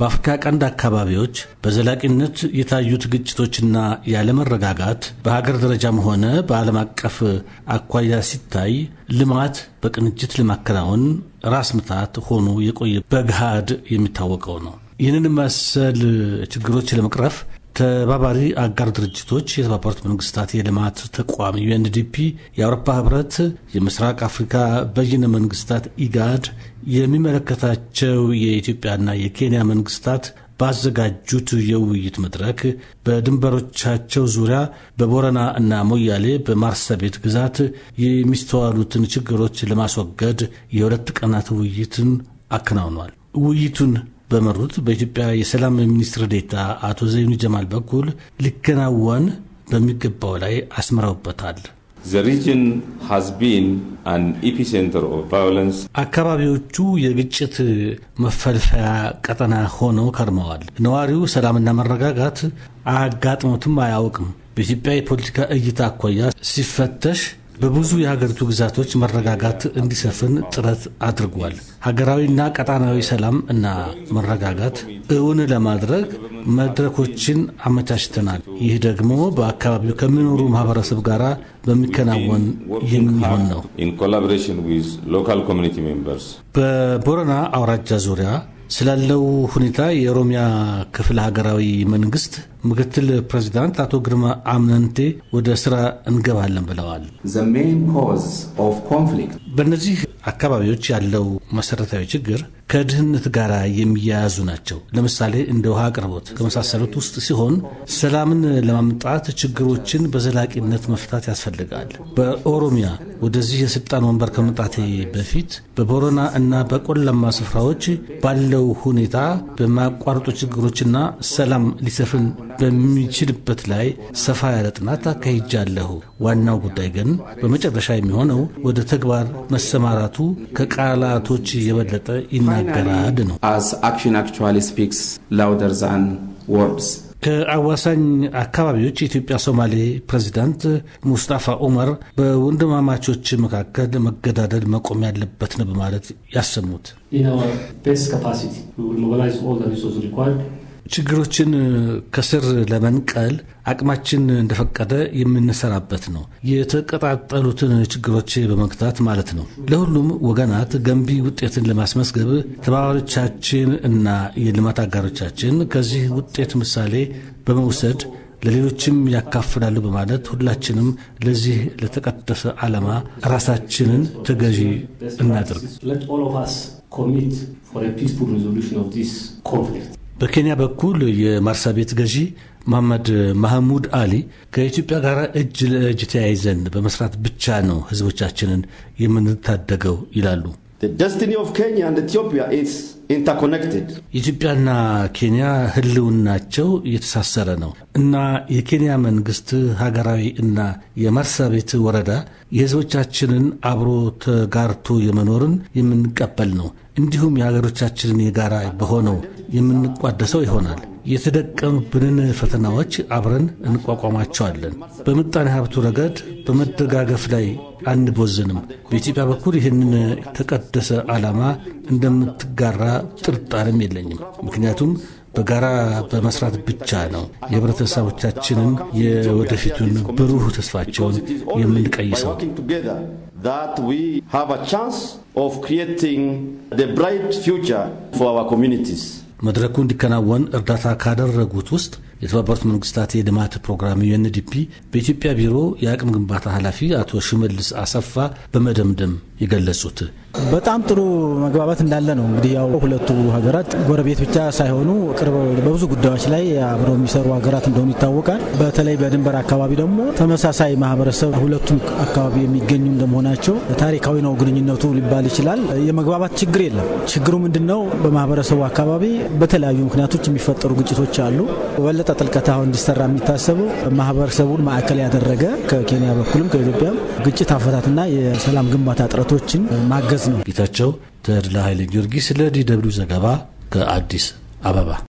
በአፍሪካ ቀንድ አካባቢዎች በዘላቂነት የታዩት ግጭቶችና ያለመረጋጋት በሀገር ደረጃም ሆነ በዓለም አቀፍ አኳያ ሲታይ ልማት በቅንጅት ለማከናወን ራስ ምታት ሆኖ የቆየ በግሃድ የሚታወቀው ነው። ይህንን መሰል ችግሮች ለመቅረፍ ተባባሪ አጋር ድርጅቶች የተባበሩት መንግስታት የልማት ተቋም ዩኤንዲፒ፣ የአውሮፓ ህብረት፣ የምስራቅ አፍሪካ በይነ መንግስታት ኢጋድ፣ የሚመለከታቸው የኢትዮጵያና የኬንያ መንግስታት ባዘጋጁት የውይይት መድረክ በድንበሮቻቸው ዙሪያ በቦረና እና ሞያሌ በማርሰቤት ግዛት የሚስተዋሉትን ችግሮች ለማስወገድ የሁለት ቀናት ውይይትን አከናውኗል። ውይይቱን በመሩት በኢትዮጵያ የሰላም ሚኒስትር ዴታ አቶ ዘይኑ ጀማል በኩል ሊከናወን በሚገባው ላይ አስምረውበታል። አካባቢዎቹ የግጭት መፈልፈያ ቀጠና ሆነው ከርመዋል። ነዋሪው ሰላምና መረጋጋት አጋጥሞትም አያውቅም። በኢትዮጵያ የፖለቲካ እይታ አኳያ ሲፈተሽ በብዙ የሀገሪቱ ግዛቶች መረጋጋት እንዲሰፍን ጥረት አድርጓል። ሀገራዊና ቀጣናዊ ሰላም እና መረጋጋት እውን ለማድረግ መድረኮችን አመቻችተናል። ይህ ደግሞ በአካባቢው ከሚኖሩ ማህበረሰብ ጋር በሚከናወን የሚሆን ነው። በቦረና አውራጃ ዙሪያ ስላለው ሁኔታ የኦሮሚያ ክፍለ ሀገራዊ መንግስት ምክትል ፕሬዚዳንት አቶ ግርማ አምነንቴ ወደ ስራ እንገባለን ብለዋል። በእነዚህ አካባቢዎች ያለው መሰረታዊ ችግር ከድህነት ጋር የሚያያዙ ናቸው። ለምሳሌ እንደ ውሃ አቅርቦት ከመሳሰሉት ውስጥ ሲሆን ሰላምን ለማምጣት ችግሮችን በዘላቂነት መፍታት ያስፈልጋል። በኦሮሚያ ወደዚህ የስልጣን ወንበር ከመምጣቴ በፊት በቦረና እና በቆላማ ስፍራዎች ባለው ሁኔታ በማያቋርጡ ችግሮችና ሰላም ሊሰፍን በሚችልበት ላይ ሰፋ ያለ ጥናት አካሂጃለሁ። ዋናው ጉዳይ ግን በመጨረሻ የሚሆነው ወደ ተግባር መሰማራቱ ከቃላቶች የበለጠ ይና ማገናድ ነው። ከአዋሳኝ አካባቢዎች የኢትዮጵያ ሶማሌ ፕሬዚዳንት ሙስጣፋ ኡመር በወንድማማቾች መካከል መገዳደል መቆም ያለበት ነው በማለት ያሰሙት ችግሮችን ከስር ለመንቀል አቅማችን እንደፈቀደ የምንሰራበት ነው። የተቀጣጠሉትን ችግሮች በመግታት ማለት ነው። ለሁሉም ወገናት ገንቢ ውጤትን ለማስመዝገብ ተባባሪዎቻችን እና የልማት አጋሮቻችን ከዚህ ውጤት ምሳሌ በመውሰድ ለሌሎችም ያካፍላሉ በማለት ሁላችንም ለዚህ ለተቀደሰ ዓላማ ራሳችንን ተገዢ እናድርግ። በኬንያ በኩል የማርሳ ቤት ገዢ መሐመድ ማህሙድ አሊ ከኢትዮጵያ ጋር እጅ ለእጅ ተያይዘን በመስራት ብቻ ነው ህዝቦቻችንን የምንታደገው ይላሉ። ኢንተርኮኔክትድ። ኢትዮጵያና ኬንያ ህልውናቸው እየተሳሰረ ነው እና የኬንያ መንግስት ሀገራዊ እና ቤት ወረዳ የህዝቦቻችንን አብሮ ተጋርቶ የመኖርን የምንቀበል ነው። እንዲሁም የሀገሮቻችንን የጋራ በሆነው የምንቋደሰው ይሆናል። የተደቀኑብንን ፈተናዎች አብረን እንቋቋማቸዋለን። በምጣኔ ሀብቱ ረገድ በመደጋገፍ ላይ አንቦዝንም። በኢትዮጵያ በኩል ይህንን የተቀደሰ ዓላማ እንደምትጋራ ጥርጣሬም የለኝም። ምክንያቱም በጋራ በመስራት ብቻ ነው የህብረተሰቦቻችንን የወደፊቱን ብሩህ ተስፋቸውን የምንቀይሰው። ቻንስ ኦፍ ክሪኤቲንግ ብራይት ፊውቸር ፎር አወር ኮሚኒቲስ መድረኩ እንዲከናወን እርዳታ ካደረጉት ውስጥ የተባበሩት መንግስታት የልማት ፕሮግራም ዩኤንዲፒ በኢትዮጵያ ቢሮ የአቅም ግንባታ ኃላፊ አቶ ሽመልስ አሰፋ በመደምደም የገለጹት በጣም ጥሩ መግባባት እንዳለ ነው። እንግዲህ ያው ሁለቱ ሀገራት ጎረቤት ብቻ ሳይሆኑ ቅርብ በብዙ ጉዳዮች ላይ አብረው የሚሰሩ ሀገራት እንደሆኑ ይታወቃል። በተለይ በድንበር አካባቢ ደግሞ ተመሳሳይ ማህበረሰብ ሁለቱም አካባቢ የሚገኙ እንደመሆናቸው ታሪካዊ ነው ግንኙነቱ ሊባል ይችላል። የመግባባት ችግር የለም። ችግሩ ምንድን ነው? በማህበረሰቡ አካባቢ በተለያዩ ምክንያቶች የሚፈጠሩ ግጭቶች አሉ። ጥልቀት አሁን እንዲሰራ የሚታሰበው ማህበረሰቡን ማዕከል ያደረገ ከኬንያ በኩልም ከኢትዮጵያም ግጭት አፈታትና የሰላም ግንባታ ጥረቶችን ማገዝ ነው። ጌታቸው ተድላ ኃይለ ጊዮርጊስ ለዲ ደብልዩ ዘገባ ከአዲስ አበባ